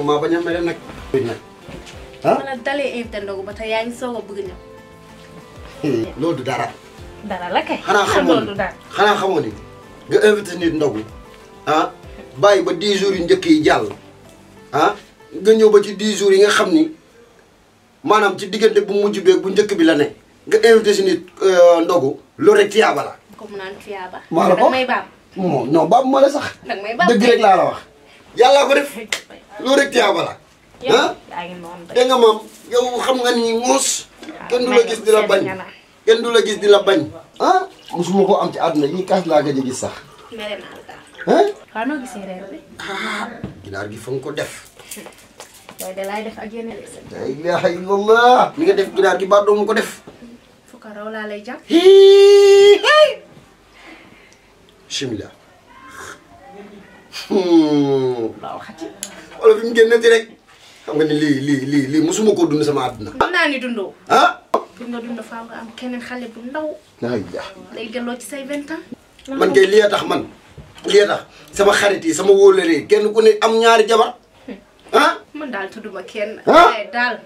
Eh, ko ma bañ a mere nag bëgg nag ah ma la dalee invité ndogu ba tey yaa ngi soog a bëgg ñëw loolu du dara dara la kay xanaa xamoon xanaa xamoon nga invité nit ndogu ah bàyyi ba 10 jours yu njëkk yi jàll ah nga ñëw ba ci 10 jours yi nga xam ni maanaam ci diggante bu mujj beeg bu njëkk bi la ne nga invité si nit euh, ndogu loolu rek tiyaaba la. comme naan tiyaaba. maa la ko may baab. non non baab la sax. dëgg rek laa la wax. yàllaa ko def loolu rek tiyaaba la ah da nga moom yow xam nga ni muus ah, kenn du la gis di la bañ kenn du la gis di la bañ ah musuma ko am ci àdduna yi kaas laa gëj a gis sax ah waaw noo gisee reer bi ah ginaar gi fa nga ko def waaye da laay def ak yeneen la ilaha illallah ni nga def ginaar gi ba doomu ko def fukka raw laa lay jàpp bismillah laa waxati tidak. bi mu génne ci rek xam nga ni lii lii lii lii musuma ko dund sama àdduna xam naa ni dundoo ah pour nga dund faaw nga am keneen xale bu ndaw ay ja lay delloo ci say vingt ans man kay lii tax man lii tax sama xarit yi sama wóolare kenn ku ne am ñaari jabar ah man daal tudduma kenn waaye daal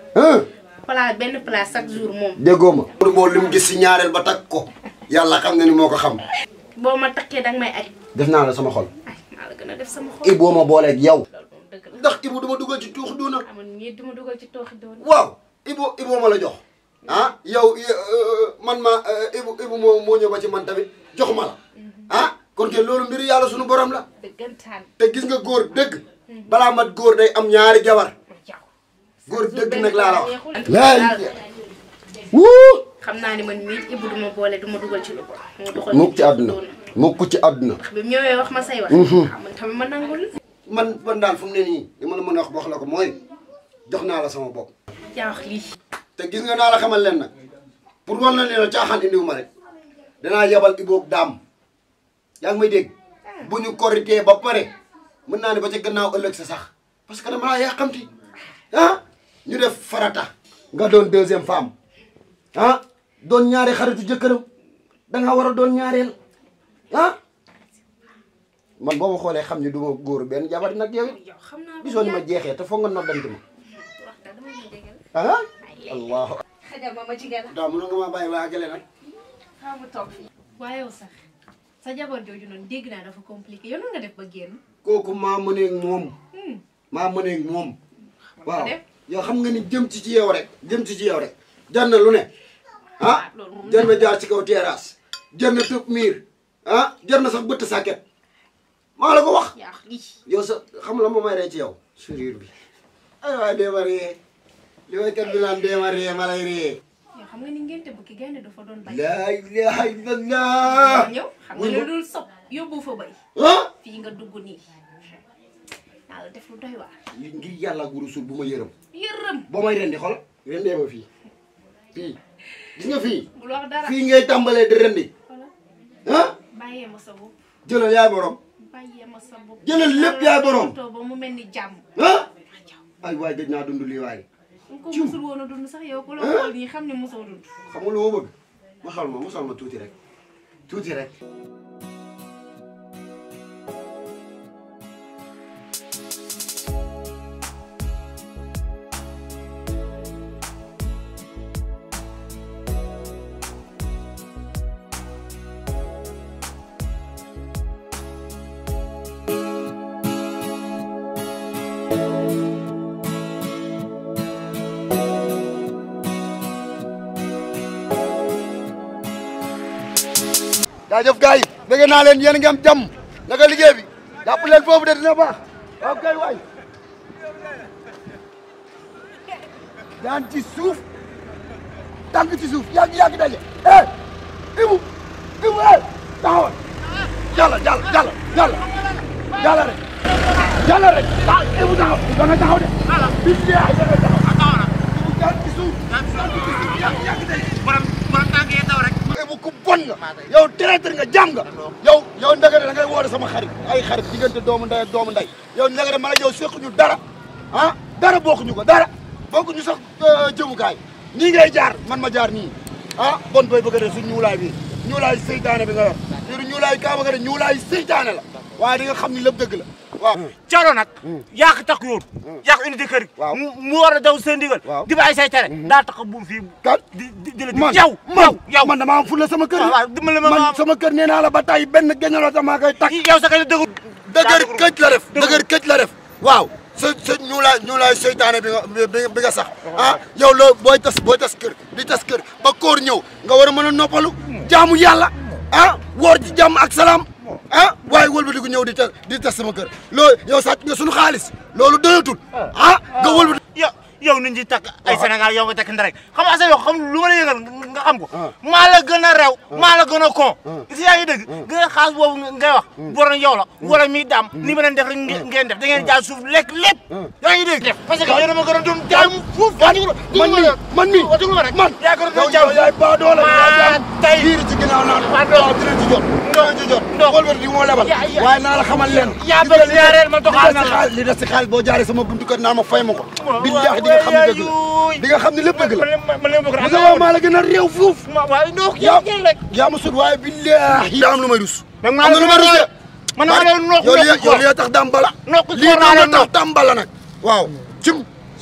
place ma pour moo may aj def la sama xol Ibou ma booleeg yow. ndax Ibou duma dugal ci tuux duuna. waaw Ibou Ibou ma la jox. ah yow eh, eh, man ma Ibou eh, Ibou moo moo ñëw ba ci man tamit jox ma la. Mhm. Ah, kon ke loolu mbiru yàlla sunu boram la. te gis nga góor dëgg. Mhm. balaa mat góor day am ñaari jabar. góor dëgg nag laa la wax. laay wuu. xam naa ne man mii Ibou duma boole duma dugal ci ci àdduna mukk ci àdduna bi mu ñëwee wax ma say wax mhm. ah, man tamit ma nangul man man daal fu mu ne nii li wax wax la ko mooy jox la sama bopp yaa wax lii te gis nga naa la xamal leen nag pour wal na leen caaxaan indiwu ma rek danaa yebal iboog daam yaa ngi may dégg ah. bu korité ba pare mën naa ne ba ca gannaaw ëllëg sa sax parce que dama laa yàqamti ah ñu def farata nga don deuxième femme ah don ñaari xaritu jëkkëram da nga war don doon ah man bo ma xoolee xam ne du ma góor benn jabar nag yow it gisoo ni ma jeexee te foog nga noddanti ma ah, ah? allahu daa mun nga ma bàyyi waa gële fi wayo sax sa jabar jooju non dégg naa dafa compliqué yow non nga def ba koku ma kooku ak mom ma hmm. maa ak mom waaw yow xam nga ni dem ci ci yow rek dem ci ci yow rek jar na lu ne ah, ah jar na jaar ci kaw terrasse jar na tëb miir ah jar na sax bëtt sàkket maa la ko wax. yow sa xam la moom may rey ci yow. sourire bi ay waay dee ree li may kat bi naan ree ma lay ree. yow nga doon bay. laa xam nga ne loolu sob yóbbu fa nga dugg nii. naa ngir yàlla guru suur bu ma yërëm. yërëm boo may rendi xol. rendee ma fii fii nga fii. fii ngay tàmbalee di rendi ah. bàyyee ma sa bopp. jëlal yaay borom. bàyyee ma sa bopp. jëlal lépp yaay borom. ba mu mel ni jàmm. ah. ay waay gëj naa dund lii waay. ci mu ko mosul sax yow ku la xool nii xam ne mosoo dund. xam nga lu ma bëgg. ma xool ma mosal tuuti rek tuuti rek. jaajëf gars yi bëgg naa leen yéen a ngi am jàmm naka liggéey leen foofu de dina baax waaw kay waay daan ci suuf tànk ci suuf yàgg yàgg daje eh ibu ibu eh taxawal jàll jàll jàll jàll jàll rek jàll rek ah ibu taxaw da nga taxaw de suuf nga yow traître nga jàmm nga yow yow ndagare da ngay woote sama xarit ay xarit diggante doomu ndey ak doomu ndey yow ndagare man ak yow ñu dara ah dara bokkuñu ko dara bokkuñu sax euh, jëmukaay nii ngay jaar man ma jaar nii ah bon boy bëgg a def si ñuulaay bi ñuulaay seytaane bi nga yor ñuulaay kaa bëgg a def ñuulaay seytaane la waa di nga xam ni lépp dëgg la Hmm. caro nag hmm. yaa ko tax yoon hmm. yaa ko indi di kër mu war a daw seen digal di bàyyi say tere daa tax buum fii di di la yow yow yow man dama am fulla sama kër man sama kër nee naa la ba tey benn genna géñaloo dama koy takk yow sa kër dëgër dëgër këj la def dëgër këj la def waaw sa sa ñu laay ñu laay seytaane bi nga bi nga sax oh. ah yow loolu booy tas booy tas kër di tas kër ba koor ñëw nga war a mën a noppalu jaamu yàlla ah woor ci jàmm ak salaam ah waaye wëlbatiku ñëw di di tas sama kër loolu yow sàcc nga suñu xaalis loolu doyatul ah, ah nga wëlbatiku. Ah. yow yow nit ñi takk ay ah. Sénégal yow nga takk ndarek xam nga yow xam lu ma nga xam ko. maa la gën a rew. maa la gën a con. si yaa ngi gën a xaalis boobu ngay wax. borom hmm. yow la hmm. wala mi daam. Hmm. ni ma leen def rek ngeen def da ngeen jaay suuf lekk lek yaa ngi dégg parce que a ma gën a doon jaay fuuf. man mi man mi man gën a doon jaay. maa tey biir ci ginnaaw naan. maa tey ndox ju jot ndox wëlbati di moo lebal waaye naa la xamal leen yaa bëgg ñaareel ma doxal na la li des si xaalis boo jaaree sama buntu kër naa ma fay ma ko billaahi di nga xam ne dëgg la di nga xam ne lépp dëgg la nga yow maa la gën a réew fuuf waaye ndox yaa ma sut waaye billaahi yaa am lu may rus am na lu may rus ma leen ndox li tax dambala lii naa la tax dambala nag waaw cim